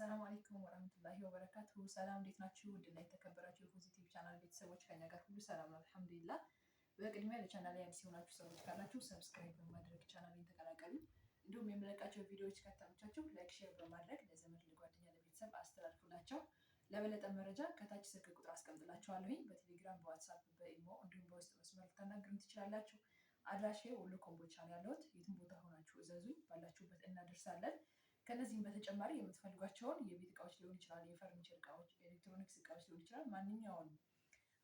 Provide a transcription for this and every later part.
አሰላሙ አለይኩም ወራህመቱላሂ ወበረካቱሁ። ሰላም እንዴት ናችሁ? ውድና የተከበራችሁ የፖዚቲቭ ቻናል ቤተሰቦች ከኛ ጋር ሁሉ ሰላም ነው አልሐምዱሊላህ። በቅድሚያ ለቻናል ላይ አዲስ የሆናችሁ ሰዎች ካላችሁ ሰብስክራይብ በማድረግ ቻናሉን ተቀላቀሉ። እንዲሁም የምለቃቸው ቪዲዮዎች ከተመቻችሁ ላይክ፣ ሼር በማድረግ ለዘመድ ለጓደኛ፣ ለቤተሰብ አስተላልፉላቸው። ለበለጠ መረጃ ከታች ስልክ ቁጥር አስቀምጥላችኋለሁኝ። በቴሌግራም በዋትሳፕ በኢሞ እንዲሁም በውስጥ መስመር ልታናግሩን ትችላላችሁ። አድራሼ ወሎ ኮምቦልቻ ነው ያለሁት። የትም ቦታ ሆናችሁ እዘዙኝ፣ ባላችሁበት እናደርሳለን። በተጨማሪ የምትፈልጓቸውን የቤት እቃዎች ሊሆን ይችላል፣ የፈርኒቸር እቃዎች፣ ኤሌክትሮኒክስ እቃዎች ሊሆን ይችላል። ማንኛውንም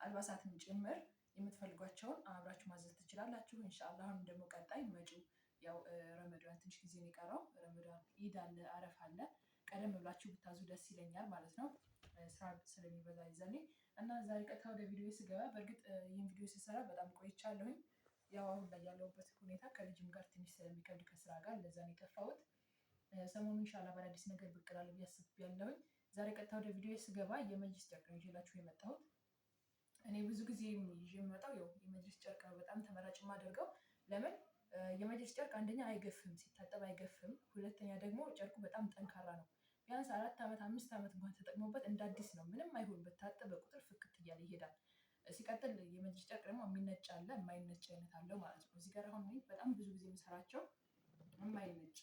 አልባሳትን ጭምር የምትፈልጓቸውን አብራችሁ ማዘዝ ትችላላችሁ። እንሻላ አሁንም ደግሞ ቀጣይ መጪው ያው ረመዳን ትንሽ ጊዜ ነው የቀረው። ረመዳን ኢድ አለ፣ አረፍ አለ። ቀደም ብላችሁ ብታዙ ደስ ይለኛል ማለት ነው፣ ስራ ስለሚበዛ ይዘኔ እና ዛሬ ቀጥታ ወደ ቪዲዮ ስገባ፣ በእርግጥ ይህን ቪዲዮ ስሰራ በጣም ቆይቻለሁኝ። ያው አሁን ላይ ያለሁበት ሁኔታ ከልጅም ጋር ትንሽ ስለሚከብድ ከስራ ጋር ለዛ ነው የጠፋሁት። ሰሞኑ ኢንሻላህ በአዳዲስ ነገር ብቅ እላለሁ ብዬ አስቤያለሁኝ። ዛሬ ቀጥታ ወደ ቪዲዮ ስገባ የመጅሊስ ጨርቅ ነው ይዤላችሁ የመጣሁት። እኔ ብዙ ጊዜ ይዤ የምመጣው ያው የመጅሊስ ጨርቅ ነው በጣም ተመራጭ የማደርገው። ለምን የመጅሊስ ጨርቅ አንደኛ አይገፍም፣ ሲታጠብ አይገፍም። ሁለተኛ ደግሞ ጨርቁ በጣም ጠንካራ ነው። ቢያንስ አራት ዓመት አምስት ዓመት እንኳን ተጠቅሞበት እንደ አዲስ ነው። ምንም አይሆን በታጠበ ቁጥር ፍክት እያለ ይሄዳል። ሲቀጥል የመጅሊስ ጨርቅ ደግሞ የሚነጭ አለ፣ የማይነጭ አይነት አለው ማለት ነው። እዚህ ጋር አሁን በጣም ብዙ ጊዜ የምሰራቸው የማይነጭ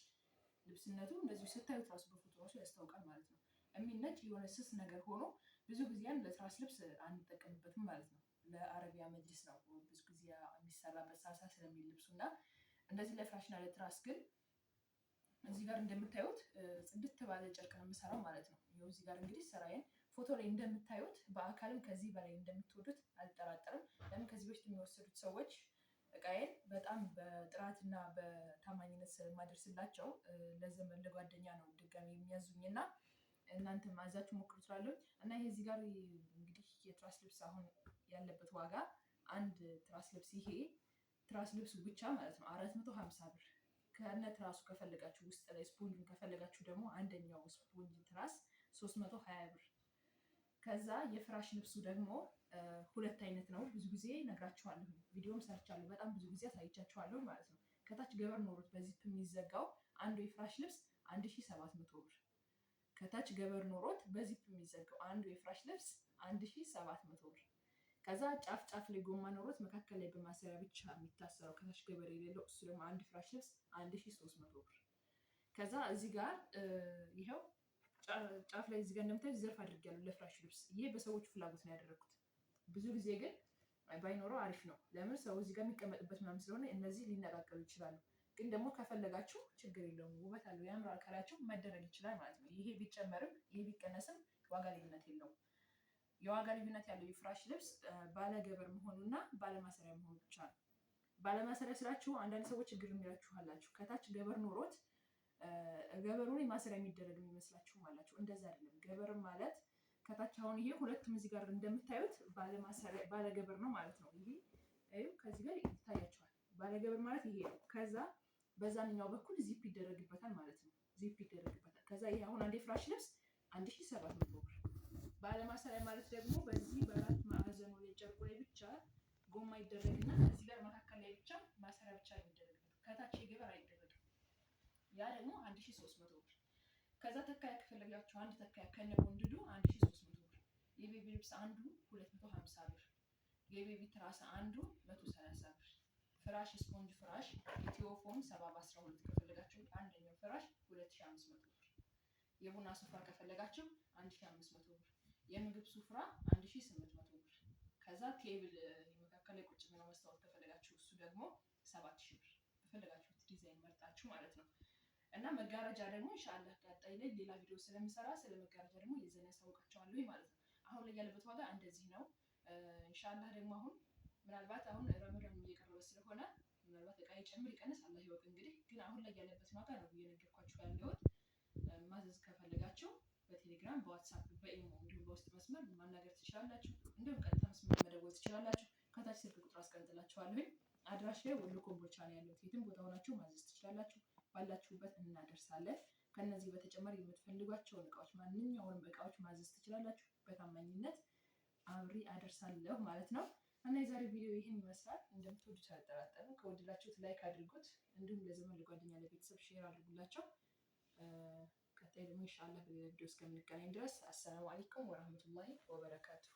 ልብስነቱ እንደዚሁ ስታዩት ራሱ በፎቶ ራሱ ያስታውቃል ማለት ነው። የሚነጭ የሆነ ስስ ነገር ሆኖ ብዙ ጊዜያን ለትራስ ልብስ አንጠቀምበትም ማለት ነው። ለአረቢያ መጅልስ ነው ብዙ ጊዜ የሚሰራበት ሳሳ ስለሚል ልብሱ እና እንደዚህ ለፍራሽና ለትራስ ግን እዚህ ጋር እንደምታዩት ጽድት ባለ ጨርቅ ነው የምሰራው ማለት ነው። ይኸው እዚህ ጋር እንግዲህ ስራዬን ፎቶ ላይ እንደምታዩት በአካልም ከዚህ በላይ እንደምትወዱት አልጠራጠርም። ለምን ከዚህ በፊት የሚወሰዱት ሰዎች እቃዬን በጣም በጥራትና በታማኝነት ስለማደርስላቸው ለዘመን ለጓደኛ ነው ድጋሚ የሚያዙኝና እናንተ ማዛችሁ ሞክሩ እና ይሄ እዚህ ጋር እንግዲህ የትራስ ልብስ አሁን ያለበት ዋጋ አንድ ትራስ ልብስ ይሄ ትራስ ልብሱ ብቻ ማለት ነው አራት መቶ ሀምሳ ብር ከነ ትራሱ ከፈለጋችሁ ውስጥ ላይ ከፈለጋችሁ ደግሞ አንደኛው ስፖንጅ ትራስ ሶስት መቶ ሀያ ብር ከዛ የፍራሽ ልብሱ ደግሞ ሁለት አይነት ነው። ብዙ ጊዜ ነግራችኋለሁ፣ ቪዲዮም ሰርቻለሁ፣ በጣም ብዙ ጊዜ አሳይቻችኋለሁ ማለት ነው። ከታች ገበር ኖሮት በዚፕ የሚዘጋው አንዱ የፍራሽ ልብስ 1700 ብር፣ ከታች ገበር ኖሮት በዚፕ የሚዘጋው አንዱ የፍራሽ ልብስ 1700 ብር። ከዛ ጫፍ ጫፍ ላይ ጎማ ኖሮት መካከል ላይ በማሰሪያ ብቻ የሚታሰረው ከታች ገበር የሌለው እሱ ደግሞ አንድ ፍራሽ ልብስ 1300 ብር። ከዛ እዚህ ጋር ይኸው ጫፍ ላይ እዚህ ጋር ዘርፍ አድርጌያለሁ ለፍራሽ ልብስ። ይሄ በሰዎቹ ፍላጎት ነው ያደረግኩት። ብዙ ጊዜ ግን ባይኖረው አሪፍ ነው። ለምን ሰው እዚህ ጋር የሚቀመጥበት ምናምን ስለሆነ እነዚህ ሊነቃቀሉ ይችላሉ። ግን ደግሞ ከፈለጋችሁ ችግር የለውም ውበት አለው ያምራል ካላችሁ መደረግ ይችላል ማለት ነው። ይሄ ቢጨመርም ይሄ ቢቀነስም ዋጋ ልዩነት የለውም። የዋጋ ልዩነት ያለው የፍራሽ ልብስ ባለገበር መሆኑና ባለማሰሪያ መሆኑ ብቻ ነው። ባለማሰሪያ ስላችሁ አንዳንድ ሰዎች ችግር የሚላችሁ አላችሁ ከታች ገበር ኖሮት ገበሩ ላይ ማሰሪያ የሚደረግ ነው ይመስላችሁ አላችሁ። እንደዛ አይደለም። ገበር ማለት ከታች አሁን ይሄ ሁለቱም እዚህ ጋር እንደምታዩት ባለገበር ነው ማለት ነው። ይሄ ከዚህ ጋር ይታያቸዋል። ባለገበር ማለት ይሄ ነው። ከዛ በዛኛው በኩል ዚፕ ይደረግበታል ማለት ነው። ዚፕ ይደረግበታል። ከዛ ይሄ አሁን አንዴ ፍራሽ ልብስ አንድ ሺህ ሰባት መቶ ብር። ባለ ማለት ደግሞ በዚህ በአራት ማዕዘኑ ላይ ጨርቁ ላይ ብቻ ጎማ ይደረግና ያ ደግሞ አንድ መቶ ብር። ከዛ ተካያ ከፈለጋችሁ አንድ ተካያ ከነ ወንድዱ መቶ ብር። የቤቢ ልብስ አንዱ ሀምሳ ብር። የቤቢ ትራስ አንዱ ሰላሳ ብር። ፍራሽ ስፖንጅ ፍራሽ ኢትዮፎም ሰባ በአስራ 12 ከፈለጋችሁ አንደኛው ፍራሽ 2500 ብር። የቡና ሱፍራ ከፈለጋችሁ መቶ ብር። የምግብ ስምንት መቶ ብር። ከዛ ቴብል መካከል ላይ ቁጭ ብሎ መስታወት ከፈለጋችሁ እሱ ደግሞ 7000 ብር። ከፈለጋችሁት ዲዛይን መርጣችሁ ማለት ነው። እና መጋረጃ ደግሞ ኢንሻአላህ ቀጣይ ላይ ሌላ ቪዲዮ ስለምሰራ ስለ መጋረጃ ደግሞ የዘን ያስታውቃቸዋለሁ ማለት ነው። አሁን ላይ ያለበት ዋጋ እንደዚህ ነው። ኢንሻአላህ ደግሞ አሁን ምናልባት አሁን ረመዳን እየቀረበ ስለሆነ ምናልባት እቃ ይጨምር ይቀንስ አላህ ይወቅ። እንግዲህ ግን አሁን ላይ ያለበትን ዋጋ ነው እየነገርኳችሁ ያለሁት። ማዘዝ ከፈለጋችሁ በቴሌግራም በዋትሳፕ በኢሞ እንዲሁም በውስጥ መስመር ማናገር ትችላላችሁ። እንዲሁም ቀጥታ መስመር መደወል ትችላላችሁ። ከታች ስልክ ቁጥር አስቀምጥላችኋለሁ። አድራሽ ላይ ወሎ ኮምቦልቻ ነው ያለው። የትም ቦታ ሆናችሁ ማዘዝ ትችላላችሁ። ባላችሁበት እናደርሳለን። ከነዚህ በተጨማሪ የምትፈልጓቸውን እቃዎች ማንኛውንም እቃዎች ማዘዝ ትችላላችሁ። በታማኝነት አብሪ አደርሳለሁ ማለት ነው እና የዛሬ ቪዲዮ ይህን ይመስላል። እንደምትወዱት አልጠራጠርም። ከወደዳችሁት ላይክ አድርጉት፣ እንዲሁም ለዘመን ለጓደኛ፣ ለቤተሰብ ሼር አድርጉላቸው። ቀጣይ ደግሞ ኢንሻላህ በሌላ ቪዲዮ እስከምንገናኝ ድረስ አሰላሙ አለይኩም ወረህመቱላሂ ወበረካቱሁ።